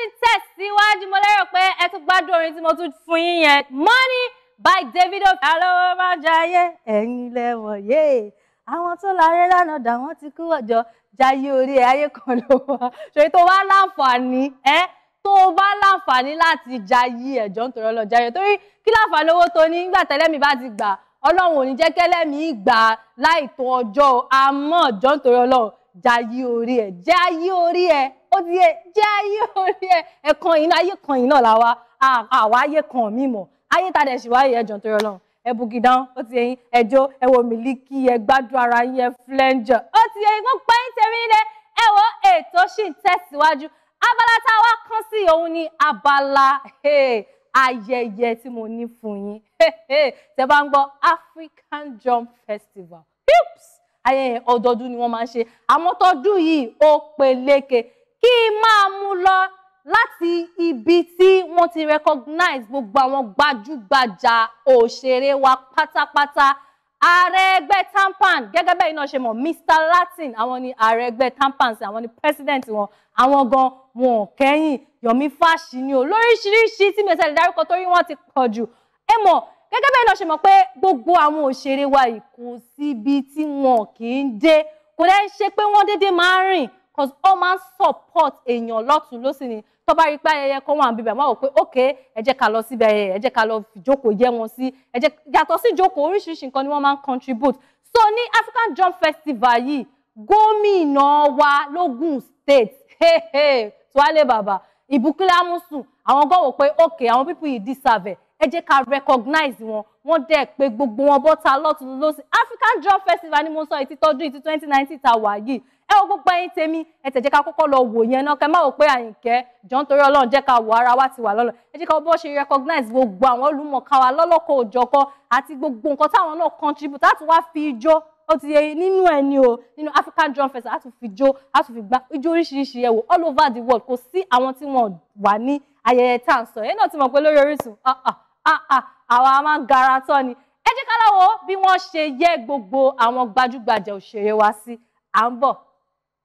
ṣì tẹ̀síwájú mo lérò pé ẹ tún gbádùn orin tí mo tún fún yín yẹn Money by Davido. alówó máa jayé ẹ̀yin lẹ́wọ̀n yéé àwọn tó láre lánàá dà wọ́n ti kú ọjọ́ jayé orí ayé kan ló wá ṣe tó wá láǹfààní ẹ́ tó bá láǹfààní láti jayé ẹ̀jọ́ nítorí ọlọ́jà yẹn torí kí láǹfààní owó tó ní nígbà tẹ́lẹ̀mí bá ti gbà ọlọ́run ò ní jẹ́ kẹ́lẹ́mí gbà láì tó ọjọ́ àmọ́ ọjọ́ nítorí ọlọ́run jayé orí ẹ̀ jayé orí ẹ̀ ó ti yẹ jẹ́ ayé orí ẹ̀ ẹ̀kan yìí náà ayé kan yìí náà làwa àwa ayé kan mi mọ̀ ayé tá a dẹ̀ sì wáyé ẹ̀jọ̀ tó yọ náà ẹ bugidan ó ti yẹ ẹjọ́ ẹ wo mílíkì ẹ gbádùn ara yín ẹ flẹ́ńjọ ó ti yẹ yín kó pẹ́ yín tẹ̀mí ilé ẹ wo ètò sì ń tẹ̀síwájú abala tá a wá kán sí òun ni abala ayẹyẹ tí mo ní fún yín tẹ́ bá ń gbọ́ African jump Festival ayẹyẹ ọdọọdún ni wọ́n máa ń ṣe àmọ́ tọdún yìí ó peléke kí n máa mú lọ láti ibi tí wọ́n ti recognize gbogbo àwọn gbajúgbajà òṣèré wa pátápátá ààrẹ ẹgbẹ́ tampan gẹ́gẹ́ bẹ́ẹ̀ iná ṣe mọ̀ mr latin àwọn ni ààrẹ ẹgbẹ́ tampan sí àwọn ni president wọn àwọn gan wọn ò kẹ́yìn yomi fáṣíní o lóríṣiríṣi tí mi ò tẹ̀lé dárúkọ torí wọ́n ti pọ̀ jù ẹ mọ̀ gẹ́gẹ́ bẹ́ẹ̀ iná ṣe mọ̀ pé gbogbo àwọn òṣèré wa yìí kò síbi tí wọn kì í dé kò dẹ́ ṣe pé wọ́n déédéé máa ń rìn cause ó máa ń support èèyàn lọ́tún lọ́sìn ni tó bá rí pé ayẹyẹ kan wà bíbẹ̀ máa wò okay, ok ẹ jẹ́ ká lọ síbi ayẹyẹ ẹ jẹ́ ká lọ ìjókòó yẹ wọn sí ẹ jẹ́ yàtọ̀ sí ìjókòó oríṣiríṣi nǹkan ni wọ́n máa contribute so ni African Drum Festival yìí gómìnà wa lógùn state hehe, hey, tuwale bàbá ìbùkúlẹ̀ amúsùn àwọn gan wò pé ok àwọn people yìí deserve ẹ jẹ́ ká recognize wọn wọ́n dẹ̀ pé gbogbo wọn bọ́ta lọ́tún lọ́sìn African Drum Festival ni mo sọ ìtìtọ́jú ìtì 2019 ta wà yìí ẹ wo gbogbo ẹyin tèmi ẹ tẹ̀ jẹ́ ká kọ́kọ́ lọ wò yẹn náà kẹ má wò pé àyìnkẹ́ jọ torí ọlọ́run jẹ́ ká wò ara wa ti wà lọ́lọ́ ẹ jẹ́ ká bọ́ ṣe recognize gbogbo àwọn olùmọ̀ọ́ká wa lọ́lọ́kọ̀ òjọ̀kọ àti gbogbo nǹkan táwọn náà contribute láti wá fi ijó ó ti yẹ nínú ẹ ni o nínú African Drum Festival láti fi jó láti fi gbá ijó oríṣiríṣi ẹ wò all over the world kò sí àwọn tí wọn wà ní ayẹyẹ tá à ń sọ yẹn náà ti mọ̀ pé lórí Orísun ah, ah, ah, àwa máa ń à ń bọ̀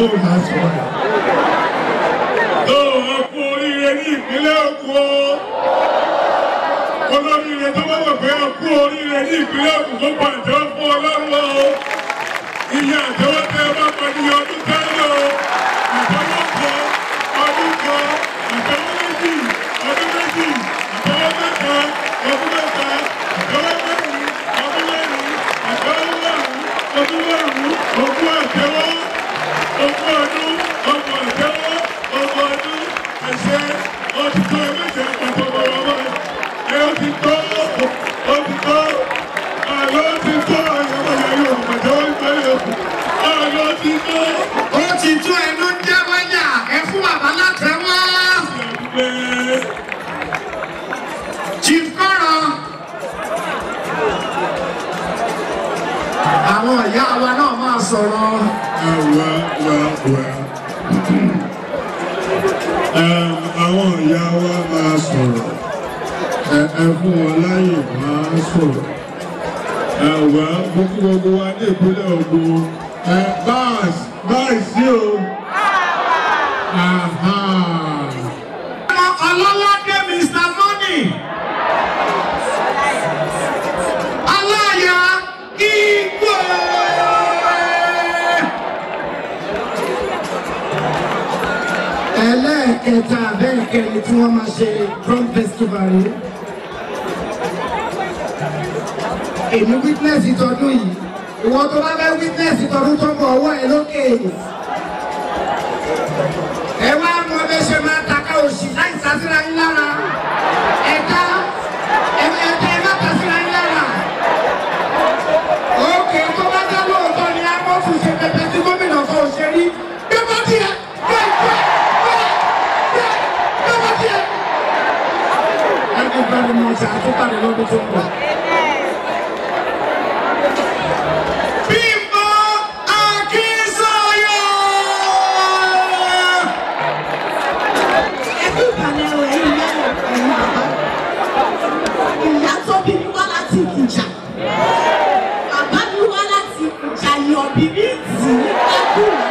yóò máa sọ̀rọ̀. Lọ́wọ́ wọn oríire ní ìpínlẹ̀ Èkó. Olóríire tó bá wọ̀ pé ọkú oríire ní ìpínlẹ̀ Èkó tó pàjọ́ fún ọlọ́run Iye àjọwọ́ tẹ bá pẹ̀lú ọdún tẹ́lẹ̀ o. àwọn ìyá wa máa sọ̀rọ̀ ẹ fún wọn láyè máa sọ̀rọ̀ ẹ̀wà gbogbo gbogbo wa ní ìpínlẹ̀ Ògùn ẹ báàsì báàsì o. ọlọ́ládé Mr. Money. ẹ̀ta bẹ́ẹ̀ kẹrin tí wọ́n festival yìí. èmi witness ìtọ́dún yìí ìwọ tó bá fẹ́ witness ìtọ́dún tó ń bọ̀ ọwọ́ ẹ lókè ẹgbẹ́rún mọ́ṣẹ́ àtúntàdé lọ́dún tó ń bọ̀. Ìjà. Bàbá mi wá láti ìjà yọ̀